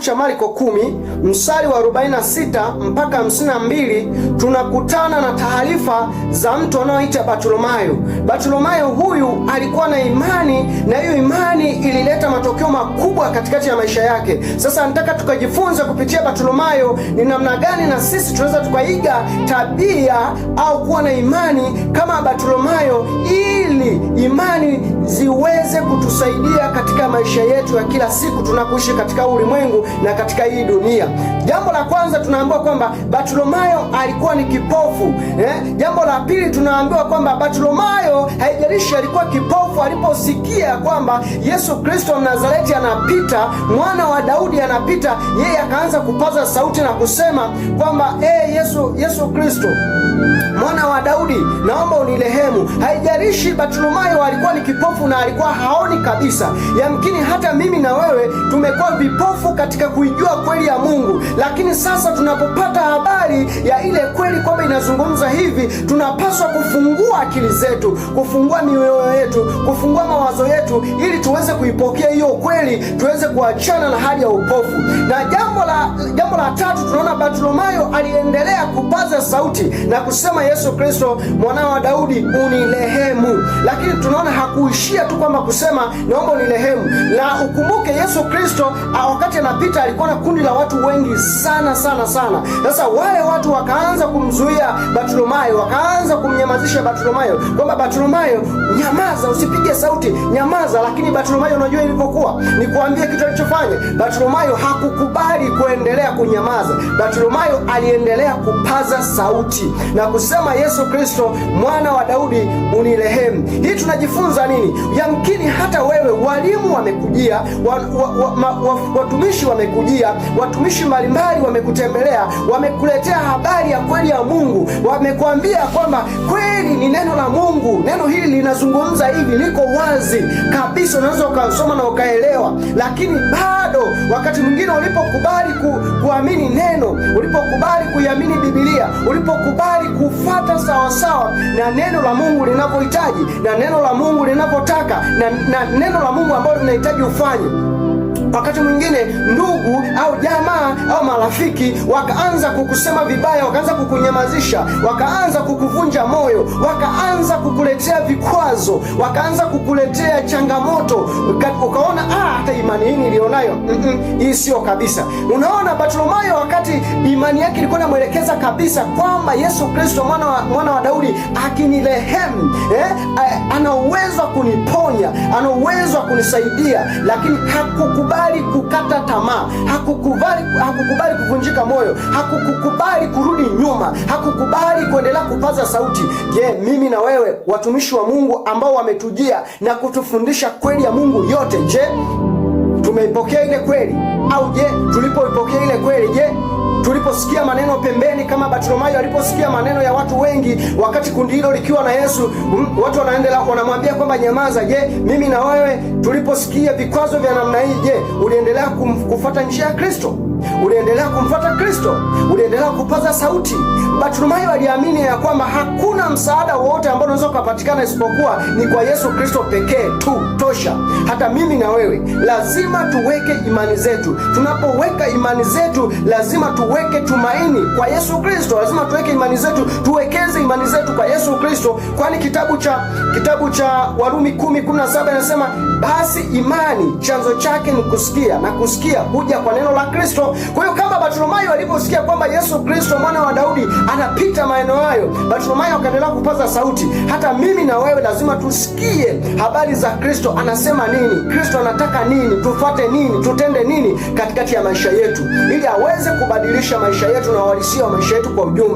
cha Marko 10 mstari wa 46 mpaka 52 tunakutana na taarifa za mtu anaoita Bartolomayo. Bartolomayo huyu alikuwa na imani na hiyo imani ilileta matokeo makubwa katikati ya maisha yake. Sasa nataka tukajifunze kupitia bartolomayo ni namna gani na sisi tunaweza tukaiga tabia au kuwa na imani kama Bartolomayo ili imani ziweze iweze kutusaidia katika maisha yetu ya kila siku tunapoishi katika ulimwengu na katika hii dunia. Jambo la kwanza tunaambiwa kwamba Bartimayo alikuwa ni kipofu eh? Jambo la pili tunaambiwa kwamba Bartimayo haijalishi alikuwa kipofu, aliposikia kwamba Yesu Kristo Mnazareti anapita, mwana wa Daudi anapita, yeye akaanza kupaza sauti na kusema kwamba hey, eh, Yesu Yesu Kristo mwana wa Daudi, naomba unirehemu. Haijalishi Bartimayo alikuwa ni kipofu na alikuwa ha haoni kabisa. Yamkini hata mimi na wewe tumekuwa vipofu katika kuijua kweli ya Mungu, lakini sasa tunapopata habari ya ile kweli kwamba inazungumza hivi, tunapaswa kufungua akili zetu, kufungua mioyo yetu, kufungua mawazo yetu, ili tuweze kuipokea hiyo kweli, tuweze kuachana na hali ya upofu na Jambo la jambo la tatu tunaona Bartimayo aliendelea kupaza sauti na kusema, Yesu Kristo mwana wa Daudi unirehemu. Lakini tunaona hakuishia tu kwamba kusema naomba unirehemu, na ukumbuke Yesu Kristo wakati anapita alikuwa na kundi la watu wengi sana sana sana. Sasa wale watu wakaanza kumzuia Bartimayo, wakaanza kumnyamazisha Bartimayo kwamba Bartimayo, nyamaza, usipige sauti, nyamaza. Lakini Bartimayo, unajua ilivyokuwa, nikuambie kitu alichofanya Bartimayo, hakukubali kuendelea kunyamaza, Bartolomayo aliendelea kupaza sauti na kusema, Yesu Kristo mwana wa Daudi unirehemu. Hii tunajifunza nini? Yamkini hata wewe, walimu wamekujia, wa, wa, wa, wa, watumishi wamekujia, watumishi mbalimbali wamekutembelea, wamekuletea habari ya kweli ya Mungu, wamekuambia kwamba kweli ni neno la Mungu, neno hili linazungumza hivi, liko wazi kabisa, unaweza ukasoma na ukaelewa, lakini bado wakati mwingine ulipokuwa ulipokubali ku, kuamini neno, ulipokubali kuiamini Biblia, ulipokubali kufata sawasawa na neno la Mungu linavyohitaji na neno la Mungu linavyotaka na, na neno la Mungu ambalo linahitaji ufanye wakati mwingine ndugu au jamaa au marafiki wakaanza kukusema vibaya, wakaanza kukunyamazisha, wakaanza kukuvunja moyo, wakaanza kukuletea vikwazo, wakaanza kukuletea changamoto, ukaona ah, hata imani hii nilionayo mm -mm, hii sio kabisa. Unaona Bartimayo, wakati imani yake ilikuwa inamwelekeza kabisa kwamba Yesu Kristo mwana wa, mwana wa Daudi akinirehemu, eh, ana uwezo wa kuniponya, ana uwezo wa kunisaidia, lakini hakukubali kukata tamaa, hakukubali hakukubali kuvunjika moyo, hakukubali kurudi nyuma, hakukubali kuendelea kupaza sauti. Je, mimi na wewe watumishi wa Mungu ambao wametujia na kutufundisha kweli ya Mungu yote, je, tumeipokea ile kweli? au je, tulipoipokea ile kweli, je, tuliposikia maneno pembeni kama Bartimayo aliposikia maneno ya watu wengi wakati kundi hilo likiwa na Yesu, watu wanaendelea wanamwambia kwamba nyamaza. Je, mimi na wewe tuliposikia vikwazo vya namna hii, je, uliendelea kufuata njia ya Kristo? Uliendelea kumfuata Kristo? Uliendelea kupaza sauti? Bartimayo aliamini ya kwamba hakuna msaada wowote ambao unaweza kupatikana isipokuwa ni kwa Yesu Kristo pekee tu tosha. Hata mimi na wewe lazima tuweke imani zetu Tunapoweka imani zetu, lazima tuweke tumaini kwa Yesu Kristo. Lazima tuweke imani zetu, tuwekeze imani zetu kwa Yesu Kristo, kwani kitabu cha kitabu cha Warumi 10:17 inasema, basi imani chanzo chake ni kusikia na kusikia huja kwa neno la Kristo. Kwa hiyo kama Bartimayo aliposikia kwamba Yesu Kristo mwana wa Daudi anapita maeneo hayo, Bartimayo akaendelea kupaza sauti. Hata mimi na wewe lazima tusikie habari za Kristo, anasema nini Kristo, anataka nini, tufuate nini, tutende nini katikati ya maisha yetu, ili aweze kubadilisha maisha yetu na uhalisia wa maisha yetu kwa ujumla.